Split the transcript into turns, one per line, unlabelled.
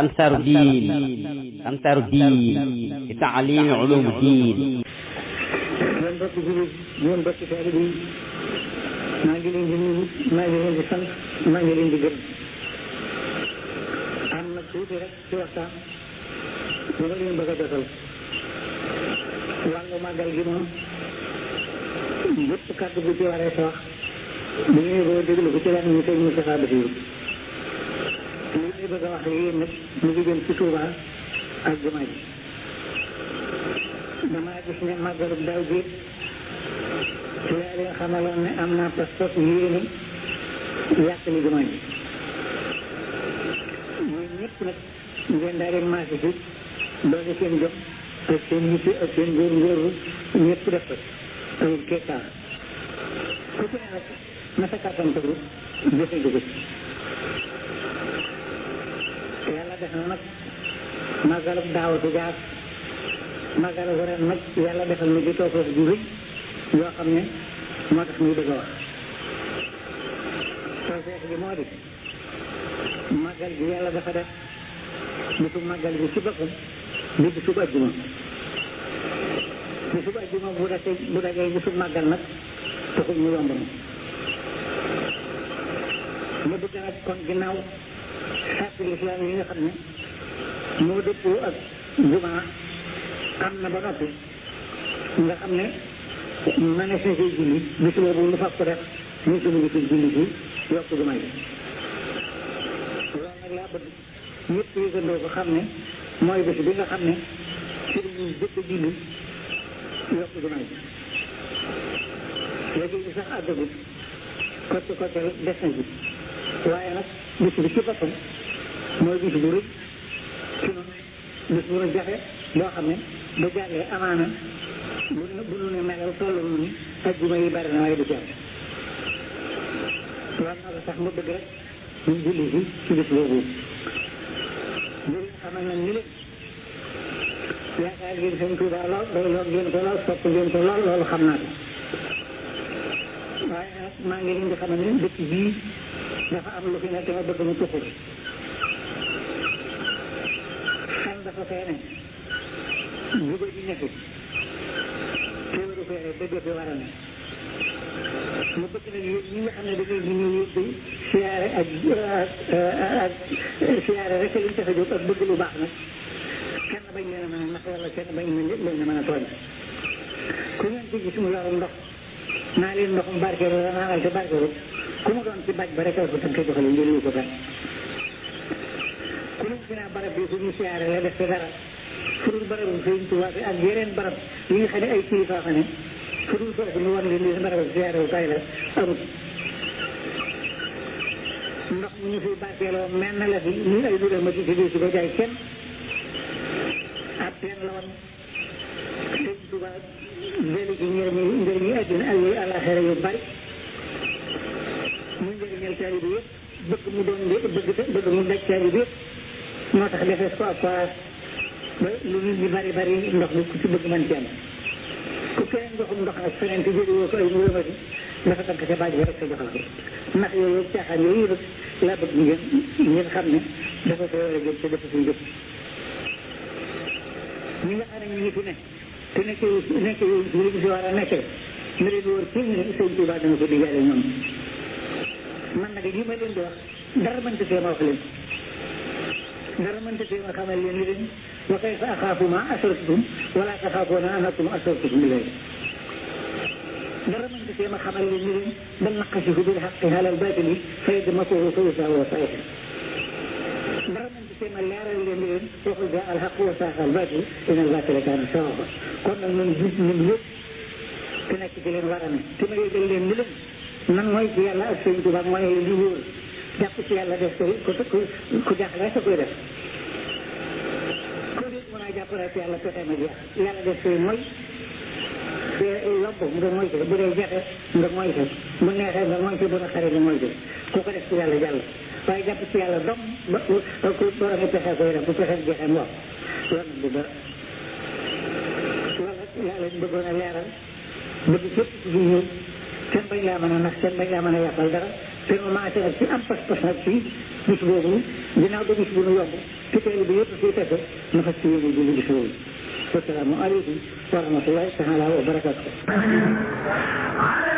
أمثر دين أمثر دين لتعليم علوم الدين ولكن يجب ان يكون هناك من يكون هناك من يكون هناك من يكون هناك من يكون هناك من يكون هناك من يكون هناك من يكون هناك من يكون هناك من يكون هناك من يكون هناك من يكون هناك من يكون هناك من يكون هناك من يكون هناك من يكون هناك من يكون هناك من يكون هناك من يكون هناك من li may bëgg a wax ak yéen nag mu ngi jëm ci Touba ak jumaa ji damaa gis ne màggalu daaw bi ci laa leen xamaloon ne am naa pas-pas yéene yàq li jumaa ji ñëpp nag ngeen daal di maase seen jom ak seen yitte ak seen góor-góorlu ñëpp def ko amul keekaan na sa kàttan tegu jëfe ko def na nag màggalu daaw du jaar màggalu ren nag yàlla defal na di toog ju rëy yoo xam ne moo tax muy dëgg wax tawfeex gi moo di màggal gi yàlla dafa def bisu màggal gi ci boppam di bisu àjjuma bisu àjjuma bu dajee bu dajee bisu màggal nag taxul mu yomb na mu dugg nag kon ginnaaw sàkku lislaam yi nga xam ne moo dëppoo ak jumaa am na ba noppi nga xam ne ma ne suñ koy julli bisimilah boobu ñu fàq ko def ñu suñu gisul julli bi yokk jumaa yi loolu nag laa bëgg ñëpp yëgandoo ko xam ne mooy bés bi nga xam ne ci lañuy jëkk julli yokk jumaa yi léegi sax àggagut kocc koccal des na ji waaye nag bis bi ci boppam mooy bis bu rëy ci noonu bis bu rëy jafe xam ne bu jàllee amaana bu bu nu ne melal tollu nu ni ajjuma yi bari na waaye du jàll na ko xam naa waaye nag maa ngi leen di xamal ne dëkk bii dafa am lu fi nekk ma bëgg mu këpp ci xam dafa feene jubé ji nekk téewaru feene dëgg bi war a ne mu bëgg nag yéen ñi nga xam ne dañuy ñu ñëw yëpp siyaare ak ak siyaare rek liñ tax a ak bëgg lu baax nag kenn bañ leen a mën a a mën a tooñ ku ngeen ci gis mu ndox naa leen ndoxum barkeelu la ku mu doon ci baj ba rek a ko tënk jox la njëriñu ko dara ku ne dinaa barab bi suñu siyaare la def dara furul barabu bi ak yeneen barab yi nga ay kilifa fa ne furul kay la amut ndox mu ñu fi barkeeloo mel na la fi ñu ay dugal ma ci si ko jaay kenn ab teen la woon Sëriñ Tuubaa léegi ci njëriñu njëriñu yooyu bari bëgg mu doon lépp bëgg bëgg mu nekk caabi bi moo tax defee ko ak ba lu nit ñi bari bari ndox bi ku ci bëgg mën ci ku keneen ndoxum ndox nag feneen te jëlee ko ay muramati dafa tagg sa yooyu caaxaan yooyu yëpp laa bëgg ngeen xam ne dafa sa war a jëm te dafa suñ jëm ñi nga xam ñu ngi fi ne te nekk nekk li ñu si war a nekkee ñu leen wóor kii ne sëñ Tuubaa dana ko digale ñoom man nag lii may leen di wax dara mënta tee ma wax leen dara mënta tee ma xamal leen li leen wa kayfa axaafu ma asraktum wala taxaafuuna annakum asraktum ilayhi dara mënta tee ma xamal leen li leen bal naqasifu bil xaqi alal baatili fa yadmasuhu fa yusaa wa saa'ih dara mënta tee ma leeral leen li leen waxul jaa al xaq wa saaqa al baatil inna al baatila kaana sawaqa kon nag ñun ñun ñëpp te nekk ci leen war a ne te ma yëgal leen ni leen man mooy ci yàlla ak sëñ Tuubaa mooy li wóor jàpp ci yàlla def ko ku ku jaaxle rek koy def ku nit mën a jàpp rek ci yàlla pexe ma jeex yàlla def say mooy bu yomb nga moytu bu dee jafe nga moytu bu neexee nga moytu bu naqaree nga moytu ku ko def ci yàlla jàll waaye jàpp ci yàlla dom ba ku boromi pexe koy def bu pexe jeexee mu wax loolu du dara loolu yàlla ñu bëggoon a leeral bëgg képp ci ñëw kenn bañ laa mën a nax kenn bañ laa mën a yàqal dara te nu maase nag ci am pas-pas nag ci bis boobu ginnaaw ba bis bu nu yomb te teel bi yëpp suy tase nu fas ci yéene julli gis loolu wasalaamu aleykum wa rahmatullahi taala wa barakatuh